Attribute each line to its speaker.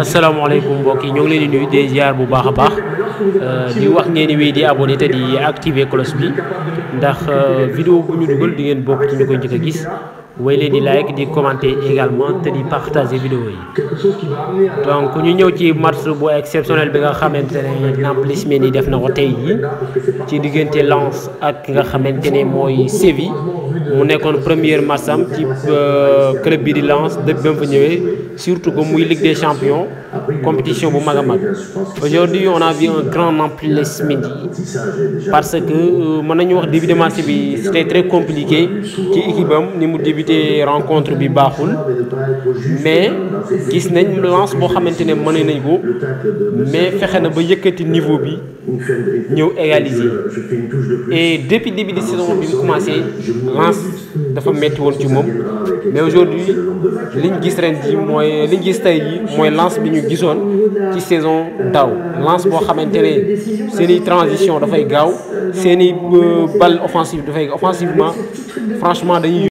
Speaker 1: asalaamaaleykum mbokk yi ñoo ngi leen di nuyu di ziar bu baax a baax euh, di wax ngeen di wéy di abonné te di activer cloche bi ndax euh, vidéo bu ñu dugal di ngeen bokk ci ñu ko njëkk a gis way leen di like di commenter également te di partager vidéo yi donc ñu ñëw ci match bu exceptionnel bi nga xamante ne Nampalys Mendy def na ko tey yi ci diggante Lens ak nga xamante ne mooy mu nekkoon première match am ci euh, club bi di Lens depuis ba mu surtout que muy Ligue des champions compétition bu mag mag aujourd'hui on a vu un grand Nampalys Mendy parce que euh, mën nañu wax début de match bi c'était très compliqué ci équipe am ni mu début qualité rencontre bi baaxul mais gis nañ lance boo xamante ne mën nañ ko mais fexe na ba yëkkati niveau bi ñëw égaliser et depuis début de saison bi mu commencé lance dafa metti woon ci moom mais aujourd'hui liñ gis ren ji mooy liñ gis tey mooy lance bi ñu gisoon ci saison daw lance boo xamante ne seen i transition dafay gaaw seen i euh, balle offensive dafay offensivement franchement dañuy